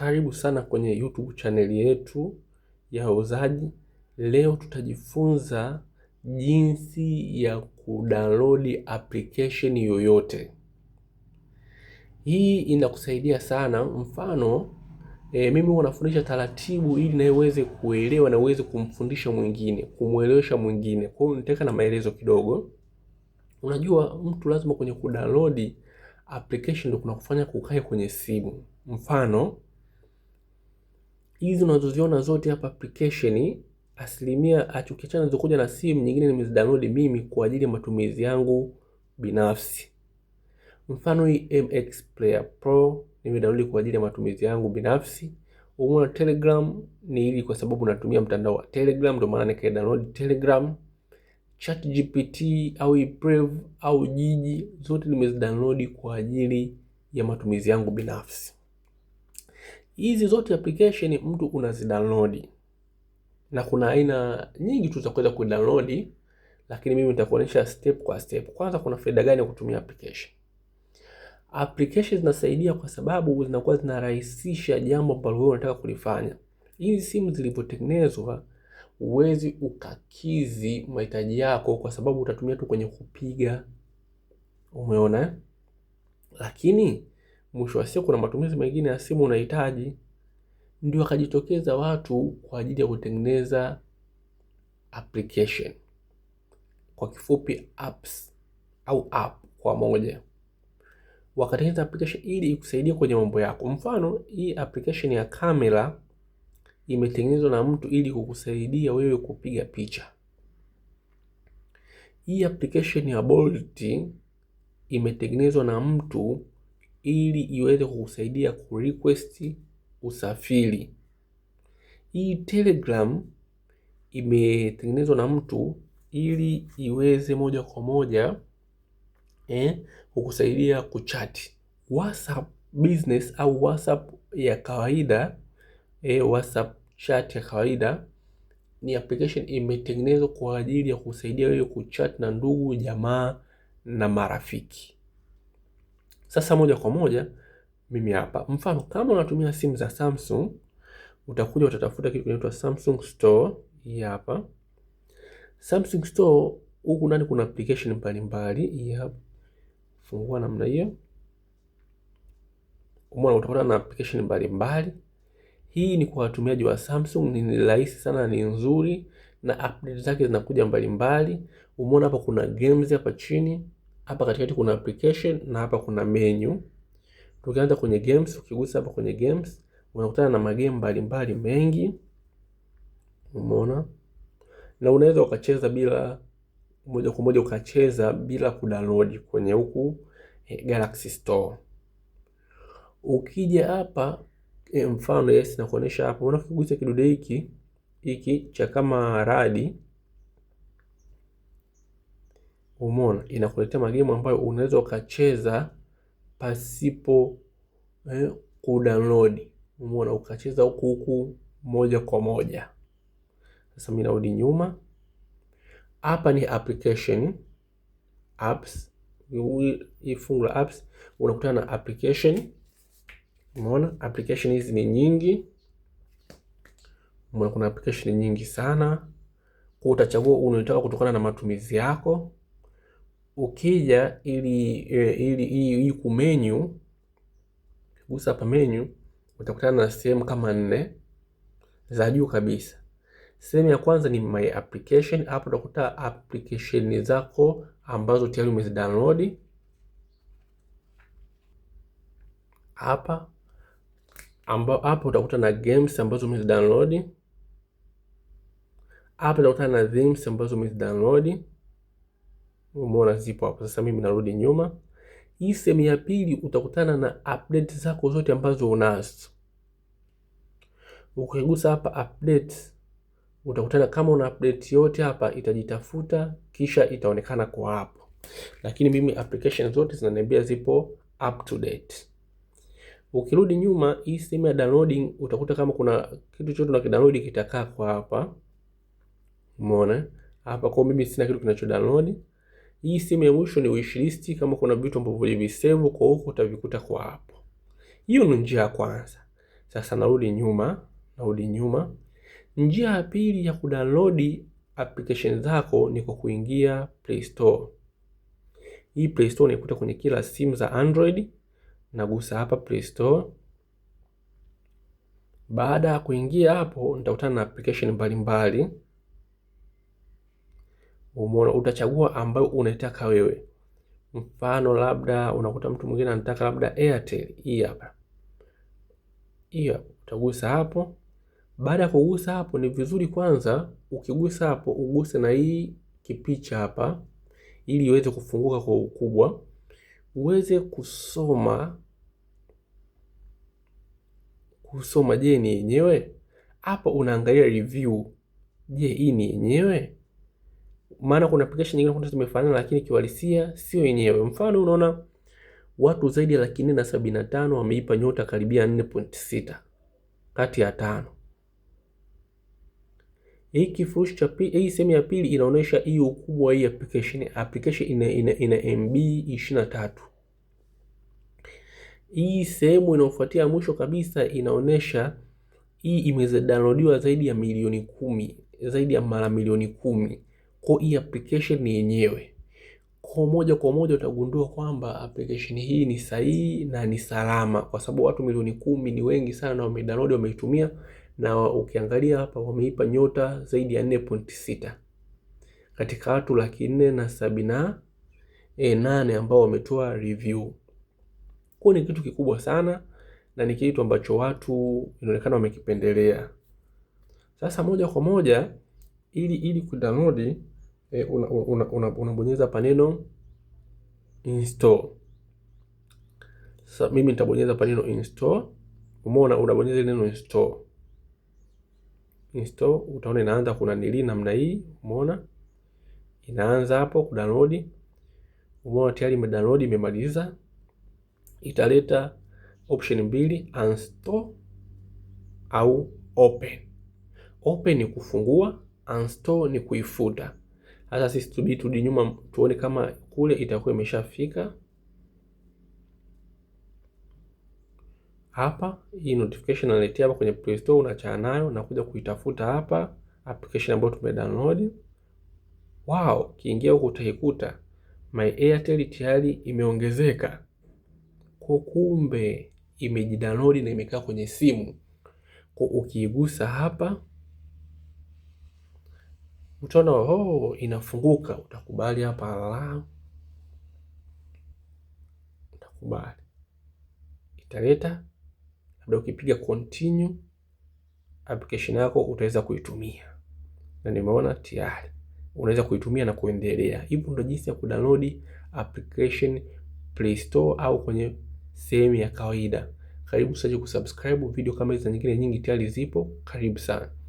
Karibu sana kwenye YouTube chaneli yetu ya Wauzaji. Leo tutajifunza jinsi ya kudownload application yoyote. Hii inakusaidia sana. Mfano e, mimi wanafundisha taratibu ili naweze kuelewa na uweze kumfundisha mwingine, kumwelewesha mwingine. Kwa hiyo nitaweka na maelezo kidogo. Unajua mtu lazima kwenye kudownload application ndio kuna kufanya kukae kwenye simu. Mfano hizi unazoziona zote hapa application asilimia, achukichana zokuja na simu nyingine, nimezidownload mimi kwa ajili ya matumizi yangu binafsi. Mfano hii MX Player Pro nimedownload kwa ajili ya matumizi yangu binafsi. Umeona Telegram ni ili kwa sababu natumia mtandao wa Telegram, ndio maana nikae download Telegram. GPT au Brave au Jiji zote nimezidownload kwa ajili ya matumizi yangu binafsi. Hizi zote application mtu unazidownload na kuna aina nyingi tu za kuweza kudownload, lakini mimi nitakuonyesha step kwa step. Kwanza, kuna faida gani ya kutumia application? Application zinasaidia kwa sababu zinakuwa zinarahisisha jambo ambalo wewe unataka kulifanya. Hizi simu zilivyotengenezwa, huwezi ukakizi mahitaji yako, kwa sababu utatumia tu kwenye kupiga, umeona. Lakini mwisho wa siku na matumizi mengine ya simu unahitaji, ndio akajitokeza watu kwa ajili ya kutengeneza application, kwa kifupi apps au app kwa moja. Wakatengeneza application ili ikusaidie kwenye mambo yako. Mfano, hii application ya kamera imetengenezwa na mtu ili kukusaidia wewe kupiga picha. Hii application ya Bolt imetengenezwa na mtu ili iweze kukusaidia kurequest usafiri. Hii Telegram imetengenezwa na mtu ili iweze moja kwa moja eh, kukusaidia kuchati. WhatsApp business au WhatsApp ya kawaida eh, WhatsApp chat ya kawaida ni application imetengenezwa kwa ajili ya kusaidia wewe kuchat na ndugu, jamaa na marafiki. Sasa moja kwa moja mimi hapa, mfano kama unatumia simu za Samsung, utakuja utatafuta kitu kinaitwa Samsung Store. Hii hapa Samsung Store, huku ndani kuna application mbalimbali. Hii hapa fungua namna hiyo, umeona, utakuta na application mbalimbali. Hii ni kwa watumiaji wa Samsung, ni rahisi sana, ni nzuri na update zake zinakuja mbalimbali. Umeona hapa kuna games hapa chini hapa katikati kuna application na hapa kuna menu. Tukianza kwenye games, ukigusa hapa kwenye games unakutana na magame mbalimbali mengi, umeona, na unaweza ukacheza bila moja kwa moja ukacheza bila kudownload kwenye huku eh, Galaxy Store. Ukija hapa eh, mfano yes, nakuonesha hapa, unaona kidude hiki hiki cha kama radi Umeona, inakuletea magemu ambayo unaweza ukacheza pasipo eh, kudownload. Umeona, ukacheza huku huku moja kwa moja. Sasa mimi narudi nyuma hapa, ni application apps. Hii fungu la apps unakutana na application. Umeona, application hizi ni nyingi. Umeona, kuna application nyingi sana, kwa utachagua unayotaka kutokana na matumizi yako ukija e, ili ili ili ku menu, ukigusa hapa menu utakutana na sehemu kama nne za juu kabisa. Sehemu ya kwanza ni my application. Hapo utakuta application zako ambazo tayari umezidownload hapa amba, hapo utakuta na games ambazo umezidownload. Hapo utakutana na themes ambazo umezidownload. Umeona zipo hapo. Sasa mimi narudi nyuma. Hii sehemu ya pili utakutana na update zako zote ambazo unazo. Ukigusa hapa update, utakutana kama una update yote hapa itajitafuta kisha itaonekana kwa hapo. Lakini mimi application zote zinaniambia zipo up to date. Ukirudi nyuma, hii sehemu ya downloading utakuta kama kuna kitu chote na kidownload kitakaa kwa hapa. Umeona? Hapa kwa mimi sina kitu kinacho download. Hii sehemu ya mwisho ni wishlist. Kama kuna vitu ambavyo ulivisave kwa huko utavikuta kwa hapo. Hiyo ni njia ya kwanza. Sasa narudi nyuma, narudi nyuma. Njia ya pili ya kudownload application zako ni kwa kuingia Play Store. Hii Play Store unaikuta kwenye kila simu za Android. Nagusa hapa Play Store. Baada ya kuingia hapo, nitakutana na application mbalimbali mbali umeona, utachagua ambayo unaitaka wewe. Mfano labda unakuta mtu mwingine anataka labda Airtel, hii hapa, hiyo utagusa hapo. Baada ya kugusa hapo, ni vizuri kwanza, ukigusa hapo uguse na hii kipicha hapa, ili iweze kufunguka kwa ukubwa, uweze kusoma kusoma. Je, ni yenyewe? Hapo unaangalia review, je hii ni yenyewe? maana kuna application nyingine kuna zimefanana lakini kiuhalisia sio yenyewe. Mfano unaona watu zaidi ya laki nne na sabini na tano wameipa nyota karibia 4.6 kati ya tano. Hii kifurushi cha pili, hii sehemu ya pili inaonyesha hii ukubwa hii application. Application ina, ina, ina MB 23. Hii sehemu inayofuatia mwisho kabisa inaonyesha hii downloadiwa zaidi ya milioni kumi, zaidi ya mara milioni kumi kwa hii application yenyewe, kwa moja kwa moja utagundua kwamba application hii ni sahihi na ni salama, kwa sababu watu milioni kumi ni wengi sana, wamedownload wameitumia, na ukiangalia hapa wameipa nyota zaidi ya 4.6 katika watu laki nne na sabini na e, nane ambao wametoa review. Kwa ni kitu kikubwa sana na ni kitu ambacho watu inaonekana wamekipendelea. Sasa moja kwa moja ili ili download eh, unabonyeza una, una, una paneno install. Sasa mimi nitabonyeza paneno install. Umeona, unabonyeza neno install install, utaona inaanza kuna nili namna hii. Umeona inaanza hapo kudownload. Umeona tayari download imemaliza. Italeta option mbili, uninstall au open. Open ni kufungua Unstore ni kuifuta. Sasa sisi tubidi tudi nyuma tuone kama kule itakuwa imeshafika. Hapa hii notification naletea hapa kwenye Play Store, unachana nayo na kuja kuitafuta hapa application ambayo download. Wow, kiingia huko utaikuta My Airtel tayari imeongezeka kwa, kumbe imejidownload na imekaa kwenye simu kwa, ukiigusa hapa utaona oh, inafunguka. Utakubali hapa la, utakubali italeta labda, ukipiga continue application yako utaweza kuitumia, na nimeona tayari unaweza kuitumia na kuendelea. Hivyo ndio jinsi ya kudownload application Play Store au kwenye sehemu ya kawaida. Karibu usaje kusubscribe. Video kama hizi na nyingine nyingi tayari zipo. Karibu sana.